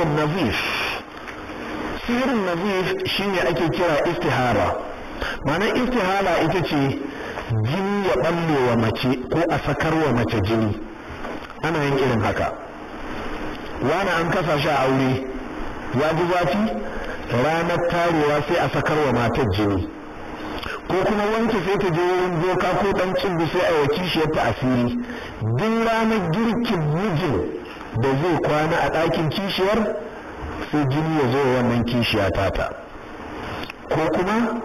sihirin nazif sihirin nazif shine ake kira istihara ma'anar istihara ita ce jini ya balle wa mace ko a sakar wa mace jini ana yin irin haka wani an kasa shi a aure ya ji zafi ranar tarewa sai a sakar wa matar jini ko kuma wanke sai ta je wurin doka ko ɗan cin sai a kishiyarta ta asiri duk ranar girkin mijin da zai kwana a ɗakin kishiyar sai jini ya zo wannan kishiya tata ko kuma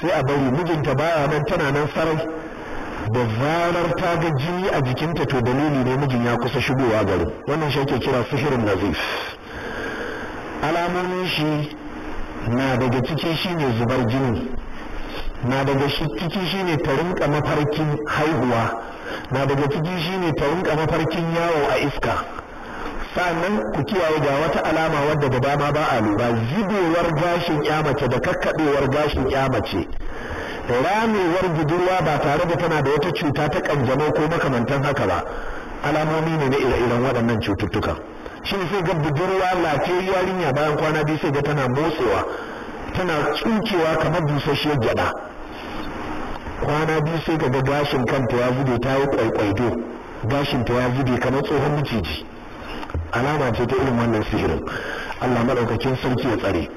sai a bari mijinta baya nan tana nan sarai da zarar ta ga jini a jikinta to dalili ne mijin ya kusa shigowa garin wannan shi ake kira sihirin nazif alamomin shi na daga ciki shine zubar jini na daga ciki shine ta rinka mafarkin haihuwa na daga ciki shine ta rinka mafarkin yawo a iska sannan ku kiyaye ga wata alama wadda da dama ba a lura zubewar gashin ya mace da kakkaɓewar gashin ya mace ramewar budurwa ba tare da tana da wata cuta ta kanjamau ko makamantan haka ba alamomi ne na ire-iren waɗannan cututtuka shi sai ga budurwa lafiyar yarinya bayan kwana biyu sai ga tana motsewa tana tsukewa kamar busasshiyar gyada kwana biyu sai ga gashin kanta ya zube ta yi kwaikwaido gashin ya zube kamar tsohon maciji. alama ce ta irin wannan sihirin Allah maɗaukakin sarki ya tsare